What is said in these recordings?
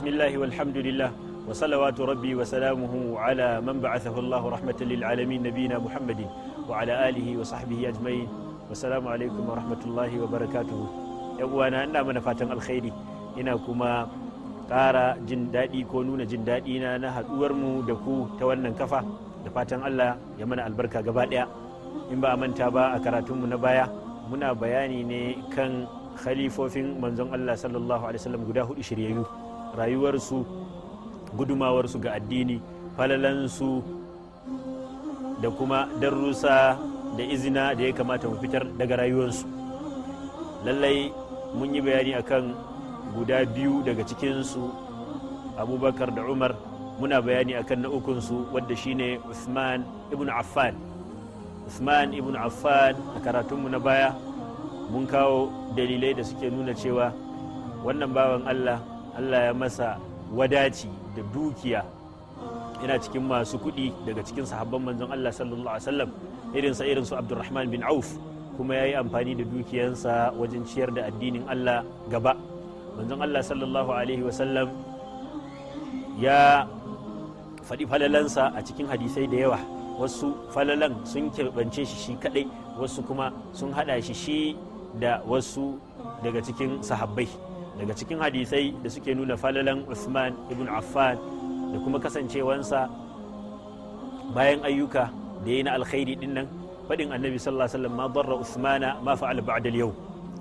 bismillahi walhamdulillah wa salawatu rabbi wa salamuhu ala man ba'athahu Allah rahmatan lil alamin nabiyina Muhammadin wa ala alihi wa sahbihi ajma'in wa salamu alaikum wa rahmatullahi wa barakatuhu yan uwana ina mana fatan alkhairi ina kuma kara jin daɗi ko nuna jin daɗi na na haɗuwar mu da ku ta wannan kafa da fatan Allah ya mana albarka gaba ɗaya in ba a manta ba a karatun mu na baya muna bayani ne kan khalifofin manzon Allah sallallahu alaihi wasallam guda hudu shiryayyu rayuwarsu gudumawarsu ga addini falalansu da kuma darussa da izina da ya kamata mu fitar daga rayuwarsu lallai mun yi bayani akan guda biyu daga cikinsu abubakar da umar muna bayani akan na ukunsu wadda shine usman ibn affan usman ibn affan a karatunmu na baya mun kawo dalilai da suke nuna cewa wannan bawan allah allah ya masa wadaci da dukiya yana cikin masu kuɗi daga cikin sahabban manzon allah sallallahu alaihi wasallam irinsa su abdurrahman bin auf kuma ya yi amfani da dukiyansa wajen ciyar da addinin allah gaba manzon allah sallallahu alaihi wasallam ya faɗi falalansa a cikin hadisai da yawa wasu falalan sun kirbance shi shi kaɗai wasu kuma sun haɗa shi shi da wasu daga cikin sahabbai daga cikin hadisai da suke nuna falalan Usman ibn Affan da kuma kasancewansa bayan ayyuka da yi na alkhairi din nan fadin annabi sallallahu alaihi wasallam ma barra Usmana ma fa'al ba'da al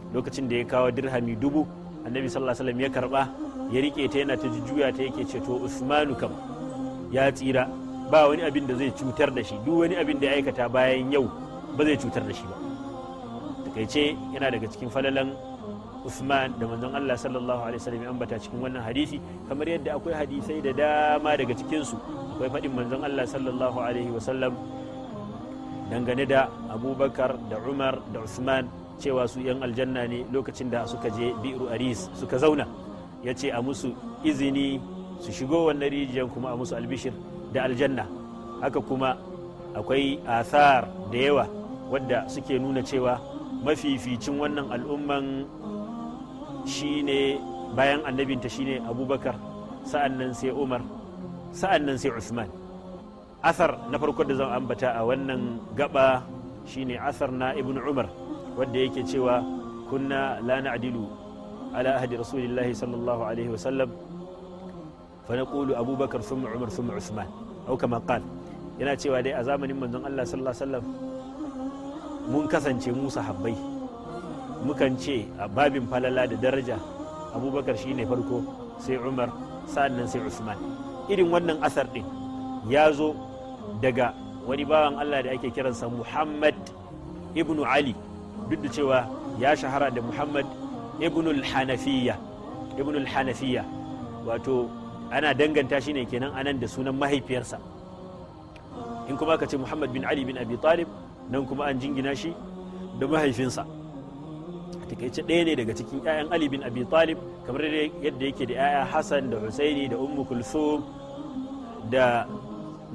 lokacin da ya kawo dirhami dubu annabi sallallahu alaihi wasallam ya karba ya rike ta yana ta jujjuya ta yake ce to Usmanu kam ya tsira ba wani abin da zai cutar da shi duk wani abin da ya aikata bayan yau ba zai cutar da shi ba takaice yana daga cikin falalan Usman da manzon Allah sallallahu alaihi wasallam ya ambata cikin wannan hadisi kamar yadda akwai hadisai da dama daga cikin su akwai faɗin manzon Allah sallallahu alaihi wasallam dangane da Abubakar da Umar da Usman cewa su yan aljanna ne lokacin da suka je bi'ru aris suka zauna yace a musu izini su shigo wannan rijiyar kuma a musu albishir da aljanna haka kuma akwai athar da yawa wadda suke nuna cewa mafificin wannan al'umman shine bayan annabinta shine abubakar sa'an nan sai umar sa'an nan sai usman asar na farko da zan ambata a wannan gaba shine asar na ibn umar wanda yake cewa kunna la na'dilu ala ahdi rasulillahi sallallahu alaihi wasallam fa naqulu abubakar thumma umar thumma usman au kama qala yana cewa dai a zamanin manzon Allah sallallahu alaihi wasallam mun kasance mu sahabbai mukan ce a babin falala da daraja abubakar shine farko sai umar sa'annan sai usman irin wannan asar din ya zo daga wani bawan allah da ake kiransa muhammad ibnu ali duk da cewa ya shahara da muhammad ibnul hanafiya hanafiya wato ana danganta shi ne kenan anan da sunan mahaifiyarsa in kuma ka ce muhammad bin ali bin abi talib nan kuma an jingina shi da mahaifinsa takaice ɗaya ne daga cikin 'ya'yan ali bin abi talib kamar yadda yake da 'ya'ya hassan da husaini da ummu kulsum da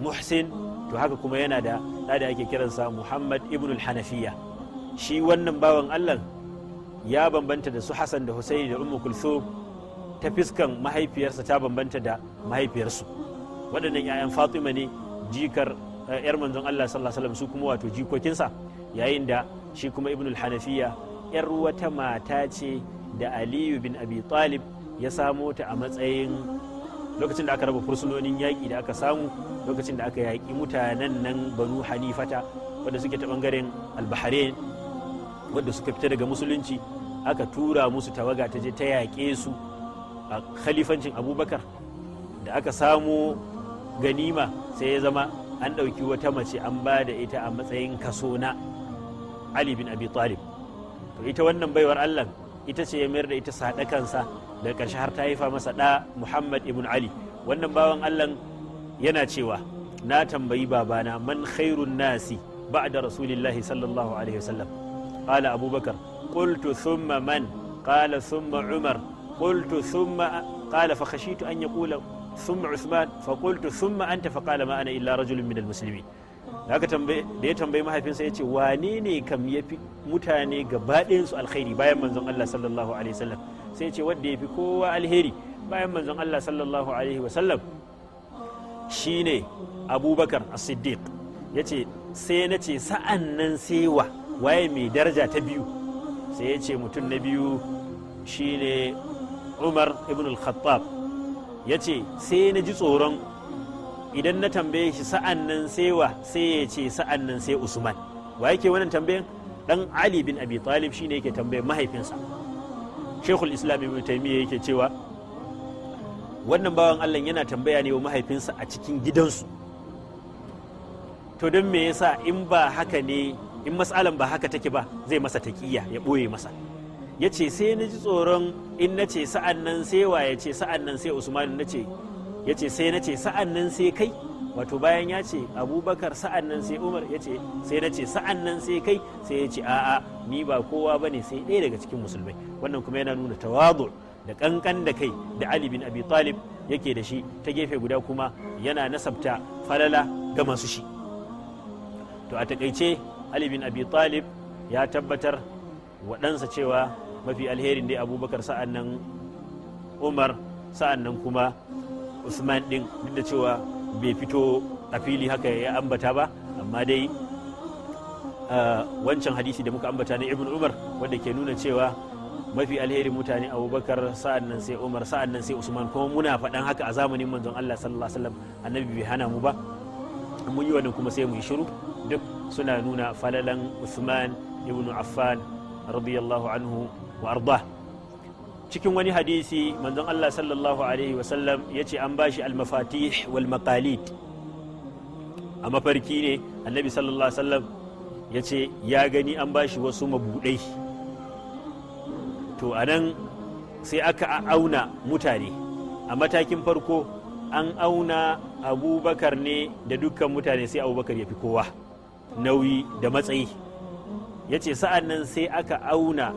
muhsin to haka kuma yana da ɗa da ake kiransa muhammad ibn hanafiya shi wannan bawan allah ya bambanta da su hassan da husaini da ummu kulsum ta fiskan mahaifiyarsa ta bambanta da mahaifiyarsu waɗannan 'ya'yan fatima ne jikar 'yar eh, manzon allah sallallahu alaihi wasallam su kuma wato jikokinsa yayin da shi kuma Ibnul hanafiya 'yar wata mata ce da aliyu bin abi talib ya samo ta a matsayin lokacin da aka raba fursunonin yaƙi da aka samu lokacin da aka yaƙi mutanen nan banu halifata wadda suke ta bangaren albahrain wadda suka fita daga musulunci aka tura musu tawaga ta je ta yaƙe su a khalifancin abubakar da aka samu ganima sai ya zama an ɗauki wata mace an ba da ita a matsayin kaso na ali bin abi talib to ita wannan baiwar Allah ita ce ya mayar da ita sadakansa da ƙarshe har ta haifa masa ɗa Muhammad ibn Ali wannan bawan Allah yana cewa na tambayi babana man khairun nasi ba'da rasulillahi sallallahu alaihi wasallam qala abubakar qultu thumma man qala thumma umar qultu thumma qala fa khashitu an yaqula thumma usman fa qultu thumma anta fa qala ma ana illa rajulun min al-muslimin da ya tambayi mahaifinsa ya ce wane ne kam ya fi mutane gaba su alkhairi bayan manzon Allah sallallahu alaihi wasallam sai ce wanda ya fi kowa alheri bayan manzon Allah sallallahu alaihi wasallam shine abubakar as-siddiq yace sai na ce sa'an nan sai wa waye mai daraja ta biyu sai ya ce mutum na biyu shine umar ibn al-khattab ya ce sai na ji tsoron idan na tambaye shi sa'an nan sai wa sai ya ce sa'an nan sai usman wa yake wannan tambayan dan ali bin abi talib shine yake tambaye mahaifinsa shekul islam ibn taimiyya yake cewa wannan bawan allah yana tambaya ne wa mahaifinsa a cikin gidansu to don me yasa in ba haka ne in matsalan ba haka take ba zai masa taƙiya ya ɓoye masa ya ce sai na ji tsoron in na ce sa'an nan sai wa ya ce sa'an nan sai usman na ce ya ce sai na ce sa'an nan sai kai wato bayan ya ce abubakar sa'an nan sai umar ya ce sai na ce sa'an nan sai kai sai ya ce a'a ni ba kowa ba ne sai ɗaya daga cikin musulmai wannan kuma yana nuna tawazu da kankan da kai da ali bin abi talib yake da shi ta gefe guda kuma yana nasabta falala ga masu shi to a takaice ali bin abi talib ya tabbatar waɗansa cewa mafi alherin dai abubakar sa'an nan umar sa'an nan kuma usman din duk da cewa bai fito a fili haka ya ambata ba amma dai wancan hadisi da muka ambata na ibn umar wanda ke nuna cewa mafi alheri mutane abubakar sa'an nan sai umar sa'an nan sai usman kuma muna faɗan haka a zamanin manzon allah sallallahu alaihi wasallam annabi bai hana mu ba mun yi wannan kuma sai mu yi shiru duk suna nuna falalan usman ibn affan radiyallahu anhu wa arda cikin wani hadisi manzon Allah sallallahu alaihi wasallam ya ce an bashi almafatih wal maqalid a mafarki ne annabi sallallahu alaihi wasallam ya ce ya gani an bashi wasu mabudai to anan sai aka auna mutane a matakin farko an auna abubakar ne da dukkan mutane sai abubakar ya fi kowa nauyi da matsayi ya ce sa'an nan sai aka auna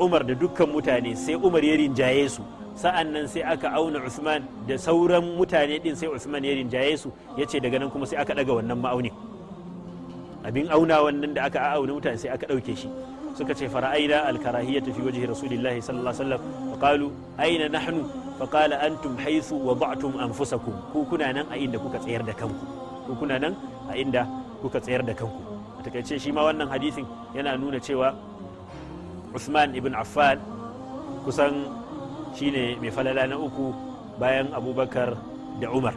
umar da dukkan mutane sai umar ya rinjaye su sa'an nan sai aka auna usman da sauran mutane din sai usman ya rinjaye su ya ce daga nan kuma sai aka daga wannan ma'auni abin auna wannan da aka auna mutane sai aka ɗauke shi suka ce fara'aina alkarahiyya fi waje rasulillahi sallallahu alaihi wasallam fa qalu aina nahnu fa qala antum haythu wada'tum anfusakum ku kuna nan a inda kuka tsayar da kanku ku kuna nan a inda kuka tsayar da kanku a takaice shi ma wannan hadisin yana nuna cewa usman ibn affan kusan shine mai falala na uku bayan abubakar da umar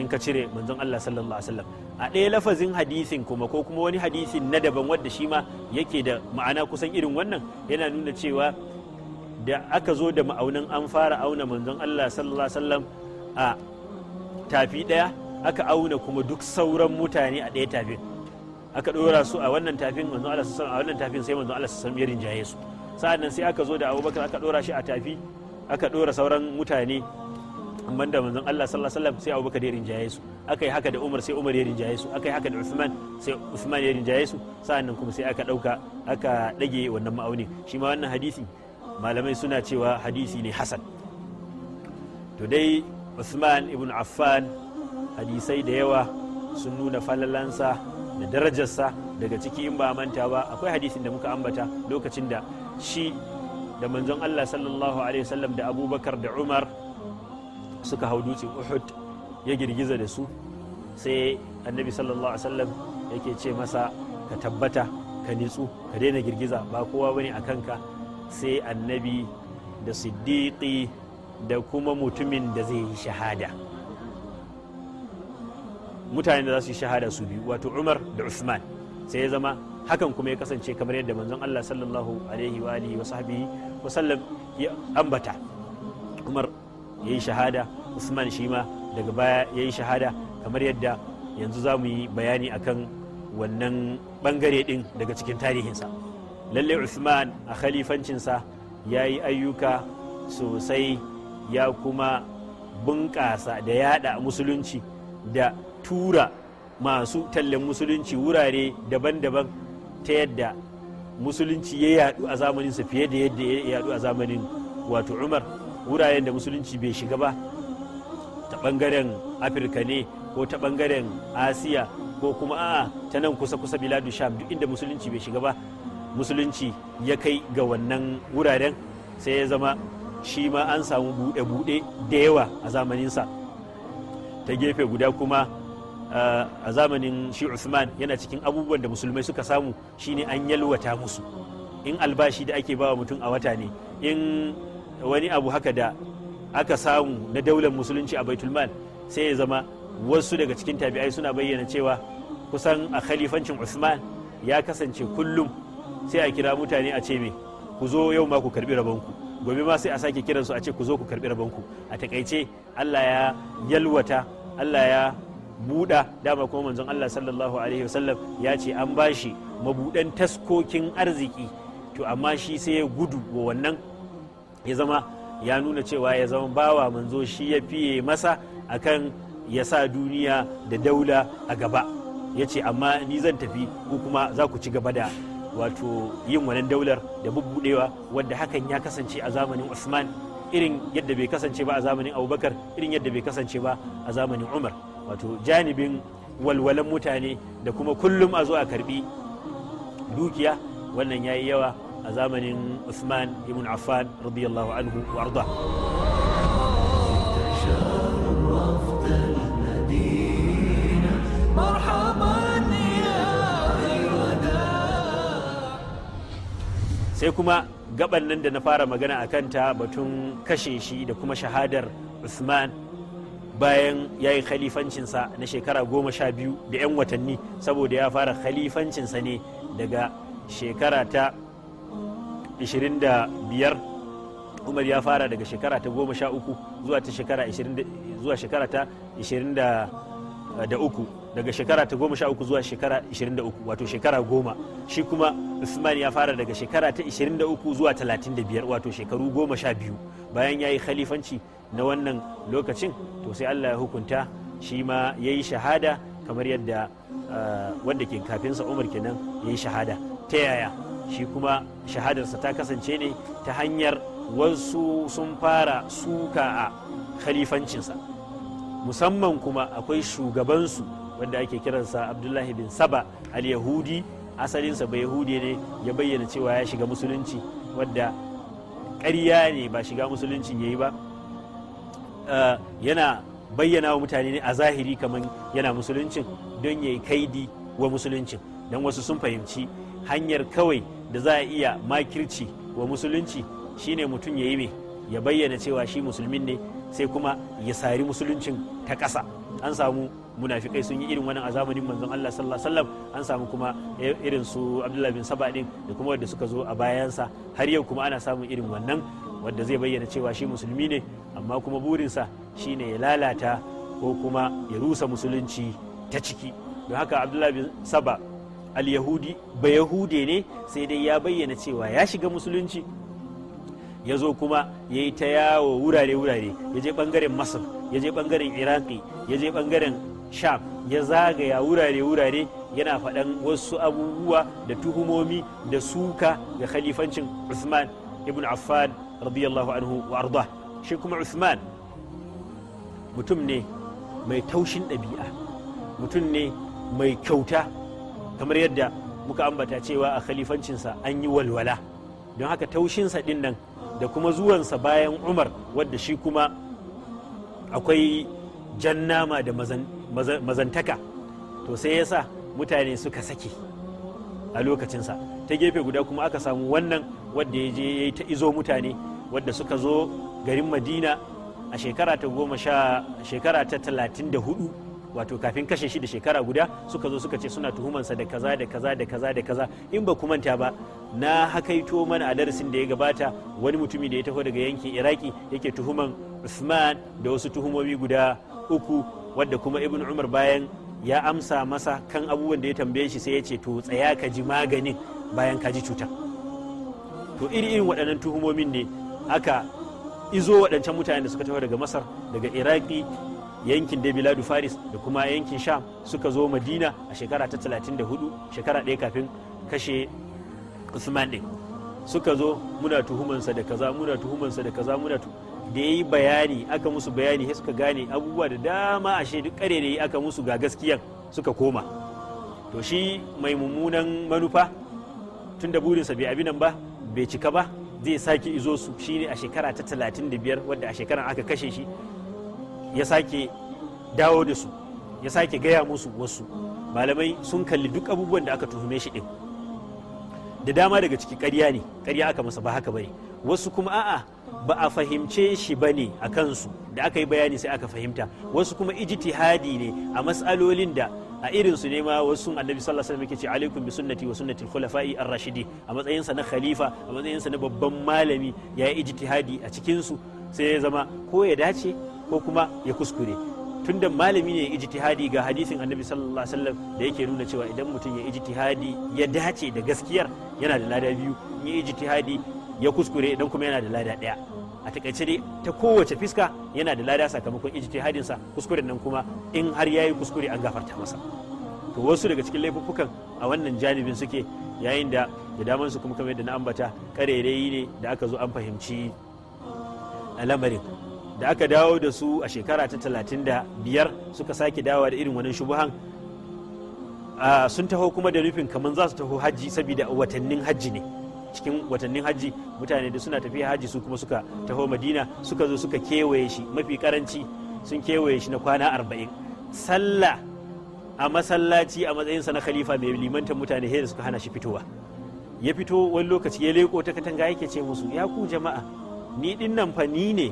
in ka cire manzon Allah sallallahu alaihi wasallam a ɗaya lafazin hadisin kuma ko kuma wani hadisin na daban wadda shi ma yake da ma'ana kusan irin wannan yana nuna cewa da aka zo da ma'aunin an fara auna manzon Allah sallallahu alaihi wasallam a tafi ɗaya aka auna kuma duk sauran mutane a ɗaya tafin aka ɗora su a wannan tafin manzon Allah sallallahu wasallam a wannan tafin sai manzon Allah sallallahu alaihi wasallam ya rinjaye su sa'an nan sai aka zo da abubakar aka dora shi a tafi aka dora sauran mutane amma da manzon Allah sallallahu alaihi wasallam sai abubakar ya rinjaye su aka yi haka da Umar sai Umar ya rinjaye su aka yi haka da Uthman sai Uthman ya rinjaye su sa'an nan kuma sai aka dauka aka dage wannan ma'auni shi ma wannan hadisi malamai suna cewa hadisi ne hasan to dai Uthman ibn Affan hadisai da yawa sun nuna falalansa da darajarsa daga ciki in ba manta ba akwai hadisin da muka ambata lokacin da shi da manzon Allah sallallahu alaihi wasallam da abubakar da umar suka hau dutsen uhud ya girgiza da su sai annabi sallallahu alaihi wasallam yake ce masa ka tabbata ka nitsu ka daina girgiza ba kowa bane a kanka sai annabi da siddiqi da kuma mutumin da zai yi shahada mutane da za su yi shahada su biyu wato umar da usman sai ya zama hakan kuma ya kasance kamar yadda manzon Allah sallallahu alaihi wa alihi wa sahbihi ya ambata Umar yayi shahada Usman shi ma daga baya yayi shahada kamar yadda yanzu za mu yi bayani akan wannan bangare din daga cikin tarihinsa lalle Usman a khalifancinsa ya yi ayyuka sosai ya kuma bunƙasa da yada musulunci da tura masu tallan musulunci wurare daban-daban ta yadda musulunci ya yadu a zamaninsa fiye da yadda ya yadu a zamanin wato umar wuraren da musulunci bai shiga ba ta bangaren afirka ne ko ta bangaren asiya ko kuma 'a ta nan kusa kusa biladu sham duk inda musulunci bai shiga ba musulunci ya kai ga wannan wuraren sai ya zama shi ma an samu buɗe-buɗe da yawa a zamaninsa ta gefe guda kuma a zamanin shi Usman yana cikin abubuwan da musulmai suka samu shine an yalwata musu in albashi da ake bawa mutum a wata ne in wani abu haka da aka samu na daular musulunci a baitulmal sai ya zama wasu daga cikin tabi'ai suna bayyana cewa kusan a khalifancin Usman ya kasance kullum sai a kira mutane a ce me ku zo yau ma ku karbi rabonku gobe ma sai a sake kiransu a ce ku zo ku karbi rabonku a takaice Allah ya yalwata Allah ya buɗa dama kuma manzon Allah sallallahu alaihi wasallam ya ce an bashi mabuɗan taskokin arziki to amma shi sai ya gudu wa wannan ya zama ya nuna cewa ya zama bawa manzo shi ya fiye masa akan ya sa duniya da daula a gaba ya ce amma ni zan tafi ku kuma za ku ci gaba da wato yin wannan daular da bubbudewa wanda hakan ya kasance a zamanin Usman irin yadda bai kasance ba a zamanin Abubakar irin yadda bai kasance ba a zamanin Umar wato janibin walwalan mutane da kuma kullum a zo a karbi dukiya wannan ya yi yawa a zamanin Usman ibn Affan radiyallahu anhu wa arda sai kuma gaban nan da na fara magana a kanta batun kashe shi da kuma shahadar Usman bayan ya yi khalifancinsa na shekara goma sha biyu da 'yan watanni saboda ya fara khalifancinsa ne daga shekara ta 25 umar ya fara daga shekara ta goma sha uku zuwa shekara ta 23 daga shekara ta goma sha uku zuwa shekara ishirin da uku wato shekara goma shi kuma usman ya fara daga shekara ta ishirin da uku zuwa talatin da biyar wato shekaru goma sha biyu bayan ya yi khalifanci na wannan lokacin to sai allah ya hukunta shi ma ya yi shahada kamar yadda eh, wanda ke kafinsa umar kenan ya yi shahada ta yaya shi kuma shahadarsa ta kasance ne ta hanyar wasu sun fara suka a khalifancinsa musamman kuma akwai shugabansu wanda ake kiransa abdullahi bin saba al-yahudi asalinsa ba yahudi ne ya bayyana cewa ya shiga musulunci wadda ƙarya ne ba shiga musulunci ya yi ba eh, yana bayyana wa mutane ne a zahiri kamar yana musuluncin don ya yi kaidi wa musuluncin don wasu sun fahimci hanyar kawai da za a iya makirci wa musulunci shine mutum ya yi mai ya bayyana cewa shi musulmin ne sai kuma ya sari musuluncin ta ƙasa an samu munafikai sun yi irin wannan a zamanin manzon Allah sallallahu alaihi wasallam an samu kuma irin su Abdullah bin Saba din da kuma wanda suka zo a bayansa har yau kuma ana samun irin wannan wanda zai bayyana cewa shi musulmi ne amma kuma burinsa shine ya lalata ko kuma ya rusa musulunci ta ciki don haka Abdullah bin Saba al-Yahudi ba Yahude ne sai dai ya bayyana cewa ya shiga musulunci ya zo kuma ya yi ta yawo wurare-wurare ya je ɓangaren masar ya je ɓangaren iraki ya je ɓangaren. sham ya zagaya wurare-wurare yana faɗan wasu abubuwa da tuhumomi da suka ga khalifancin usman ibn affan radiyallahu anhu wa arda shi kuma usman mutum ne mai taushin ɗabi'a mutum ne mai kyauta kamar yadda muka ambata cewa a khalifancinsa an yi walwala don haka taushinsa ɗin nan da kuma zuwansa bayan umar wadda shi kuma akwai nama da mazan mazantaka to sai ya sa mutane suka sake a lokacinsa ta gefe guda kuma aka samu wannan wadda ya je ya yi ta izo mutane wadda suka zo garin madina a shekara ta goma sha shekara ta talatin da hudu wato kafin kashe shi da shekara guda suka zo suka ce suna tuhumansa da kaza da kaza da kaza da kaza in ba manta ba na hakaito mana a darasin da ya gabata wani mutumi da ya taho daga yankin iraki yake tuhuman usman da wasu tuhumomi guda uku wadda kuma ibn umar bayan ya amsa masa kan abubuwan da ya tambaye shi sai ya ce to tsaya ka ji maganin bayan ka ji cutar to iri irin waɗannan tuhumomin ne aka izo waɗancan mutanen da suka tafi daga masar daga iraki yankin da biladu faris da kuma yankin sham suka zo madina a shekara ta 34 shekara ɗaya kafin kashe usman ɗin suka zo muna tuhumansa da kaza muna tuhumansa da kaza muna tuhumansa da ya yi bayani aka musu bayani sai suka gane abubuwa da dama ashe duk kare da yi aka musu ga gaskiyan suka koma to shi mai mummunan manufa tun da burinsa bai abinan ba bai cika ba zai sake izo su shine a shekara ta talatin da biyar wadda a shekaran aka kashe shi ya sake dawo da su ya sake gaya musu wasu malamai sun kalli duk abubuwan da aka tuhume shi din da dama daga ciki karya ne ƙarya aka masa ba haka bane wasu kuma a'a ba a fahimce shi ba ne a kansu da aka yi bayani sai aka fahimta wasu kuma ijtihadi ne a matsalolin da a irin su ne ma wasu annabi sallallahu alaihi wasallam yake ce alaikum bi sunnati wa sunnati al-khulafa'i ar-rashidi a matsayin sa na khalifa a matsayin sa na babban malami ya yi ijtihadi a cikin su sai ya zama ko ya dace ko kuma ya kuskure tunda malami ne ijtihadi ga hadisin annabi sallallahu alaihi wasallam da yake nuna cewa idan mutum ya ijtihadi ya dace da gaskiyar yana da lada biyu in ya ijtihadi ya kuskure idan kuma yana da lada ɗaya a takaice dai ta kowace fiska yana da lada sakamakon hadinsa kuskuren nan kuma in har yayi kuskure an gafarta masa to wasu daga cikin laifuffukan a wannan janibin suke yayin da da daman su kuma kamar yadda na ambata karerai ne da aka zo an fahimci alamarin da aka dawo da su a shekara ta talatin da biyar suka sake dawo da irin wannan shubuhan sun taho kuma da nufin kamar za su taho hajji saboda watannin hajji ne cikin watannin hajji mutane da suna tafiya hajji su kuma suka taho madina suka zo suka kewaye shi mafi karanci sun kewaye shi na kwana arba'in sallah a masallaci a matsayinsa na khalifa mai limantar mutane da suka hana shi fitowa ya fito wani lokaci ya leko ta katanga yake ce musu ya ku jama'a ni din nan fa ni ne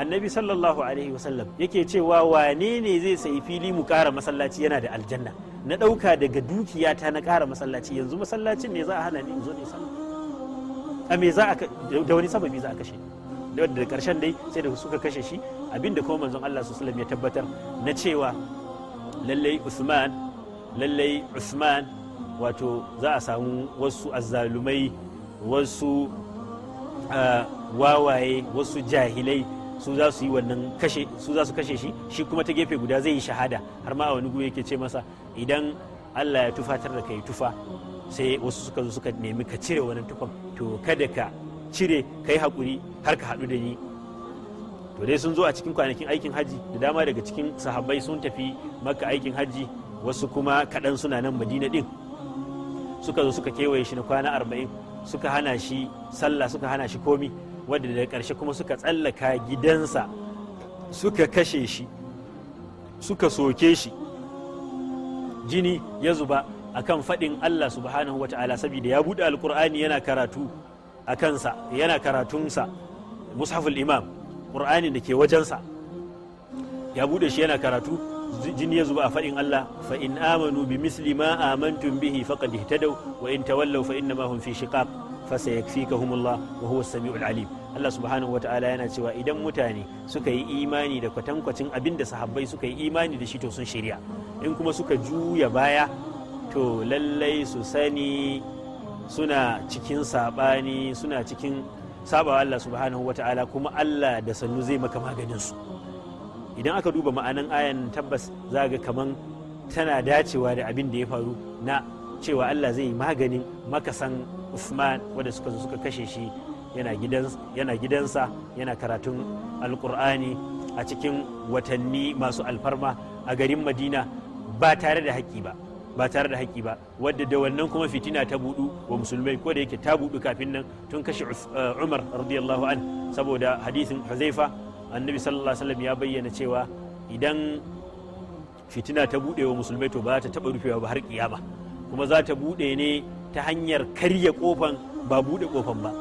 annabi sallallahu alaihi wasallam yake cewa wane ne zai sayi fili mu kara masallaci yana da aljanna na ɗauka daga dukiyata na kara masallaci yanzu masallacin ne za a hana ni in zo ne sallah a me za a da wani sababi za a kashe da karshen dai sai da suka kashe shi abinda kuma manzon Allah su ya tabbatar na cewa lallai Usman lallai Usman wato za a samu wasu azzalumai wasu wawaye wasu jahilai su za su yi wannan kashe su za su kashe shi shi kuma ta gefe guda zai yi shahada har ma a wani guri yake ce masa idan Allah ya tufatar da kai tufa sai wasu suka zo suka nemi ka cire wannan tufan to kada ka cire kai hakuri har ka haɗu da ni to dai sun zo a cikin kwanakin aikin hajji da dama daga cikin sahabbai sun tafi maka aikin hajji wasu kuma kaɗan suna nan madina ɗin suka zo suka kewaye shi na kwana arba'in suka hana shi sallah suka hana shi komi wadda daga karshe kuma suka tsallaka gidansa suka kashe shi suka soke shi jini ya zuba akan faɗin Allah subhanahu wa ta'ala saboda ya buɗe alƙur'ani yana karatu a kansa yana karatunsa mushaful imam ƙur'ani da ke wajensa ya buɗe shi yana karatu jini ya zuba a faɗin Allah fa in amanu bi misli ma amantum bihi faqad ihtadaw wa in tawallaw fa hum fi shiqaq fa wa huwa as-sami'ul alim Allah subhanahu yana cewa idan mutane suka yi imani da kwatankwacin abin da sahabbai suka yi imani da shi to sun shirya in kuma suka juya baya to lallai su sani suna cikin saɓani suna cikin sabawa Allah subhanahu wa ta'ala kuma Allah da sannu zai maka maganinsu idan aka duba ma'anan ayan tabbas za ga kaman tana dacewa da abin da ya faru na cewa Allah zai maganin makasan Usman wanda suka suka kashe shi yana gidansa yana karatun alkur'ani a cikin watanni masu alfarma a garin madina ba tare da haƙƙi ba ba tare da haƙƙi ba wadda da wannan kuma fitina ta budu wa musulmai ko da yake ta budu kafin nan tun kashe uh, umar radiyallahu an saboda hadisin huzaifa annabi sallallahu alaihi wasallam ya bayyana cewa idan fitina ta bude wa musulmai to ba ta taba rufewa ba har kiyama kuma za ta bude ne ta hanyar karya kofan ba bude kofan ba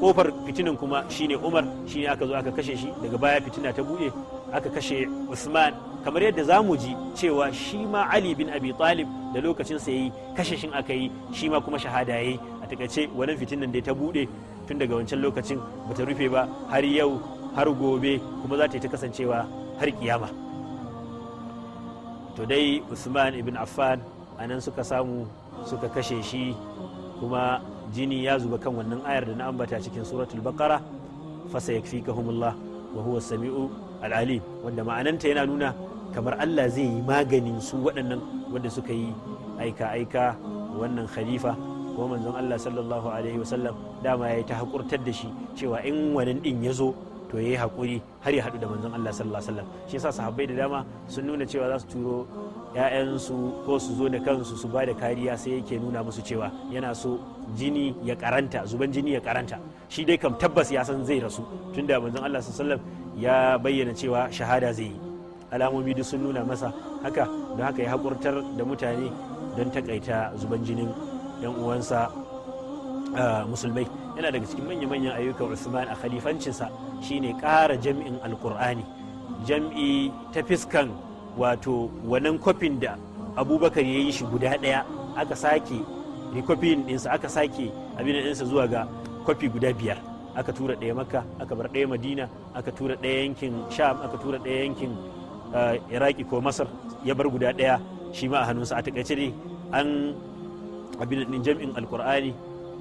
kofar fitinin kuma shine umar shine aka zo aka kashe shi daga baya fitina ta buɗe aka kashe usman kamar yadda za mu ji cewa shi ma ali bin abi talib da lokacin sa yi kashe shin aka yi shi ma kuma shahada yayi a takaice wannan fitinan da ta buɗe tun daga wancan lokacin ba ta rufe ba har yau har gobe kuma za ta yi ta kasancewa har kiyama to dai usman ibn affan anan suka samu suka kashe shi kuma jini ya zuba kan wannan ayar da na ambata cikin suratul baqara fa sayakfikahumullah wa huwa samiu al'alim wanda ma'ananta yana nuna kamar Allah zai yi maganin su waɗannan wanda suka yi aika aika wannan khalifa ko manzon Allah sallallahu alaihi wasallam dama ya ta hakurtar da shi cewa in wannan din ya zo to ya yi hakuri har ya haɗu da manzon Allah sallallahu alaihi wasallam shi yasa sahabbai da dama sun nuna cewa za su turo ya'yansu ko su zo da kansu su ba da kariya sai yake nuna musu cewa yana so jini ya karanta zuban jini ya karanta shi dai kam tabbas ya san zai rasu tunda manzon Allah sallallahu alaihi wasallam ya bayyana cewa shahada zai yi alamomi duk sun nuna masa haka don haka ya hakurtar da mutane don takaita zuban jinin yan uwansa ah, musulmai yana daga cikin manya-manyan ayyukan Usman a khalifancinsa shine ƙara jam'in alkur'ani jam'i ta fiskan wato wannan kwafin da abubakar ya yi shi guda ɗaya aka sake rikofin ɗinsa aka sake abin ɗinsa zuwa ga kwafi guda biyar aka tura ɗaya makka aka bar ɗaya madina aka tura ɗaya yankin sham aka tura ɗaya yankin eh, iraki ko masar ya bar guda ɗaya shi ma a hannunsa a takaice ne an abin ɗin jam'in alkur'ani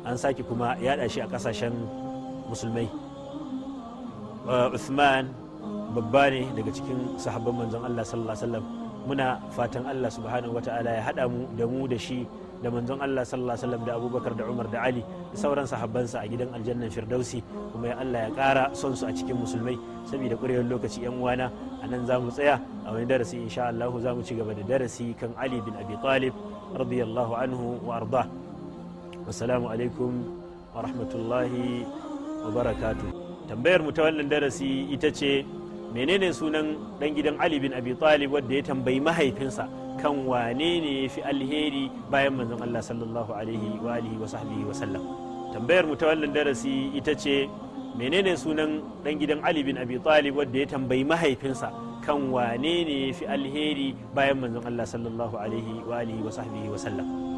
an sake kuma yaɗa shi a ƙasashen musulmai Uh, Uthman babba ne daga cikin sahabban manzon Allah sallallahu alaihi wasallam muna fatan Allah subhanahu wataala ya hada mu da mu da shi da manzon Allah sallallahu alaihi wasallam da Abubakar da Umar da Ali da sauran sahabban sa a gidan aljannan Firdausi kuma ya Allah ya kara son su a cikin musulmai saboda ƙurewar lokaci yan uwana a nan za tsaya a wani darasi insha Allah za mu ci gaba da darasi kan Ali bin Abi Talib radiyallahu anhu wa arda wassalamu alaikum wa rahmatullahi wa barakatuh tambayar mu ta wannan darasi ita ce menene sunan dan gidan Ali bin Abi Talib wanda ya tambayi mahaifinsa kan wane ne ya fi alheri bayan manzon Allah sallallahu alaihi wa alihi wa sahbihi wa sallam tambayar mu ta wannan darasi ita ce menene sunan dan gidan Ali bin Abi Talib wanda ya tambayi mahaifinsa kan wane ne ya fi alheri bayan manzon Allah sallallahu alaihi wa alihi wa sahbihi wa sallam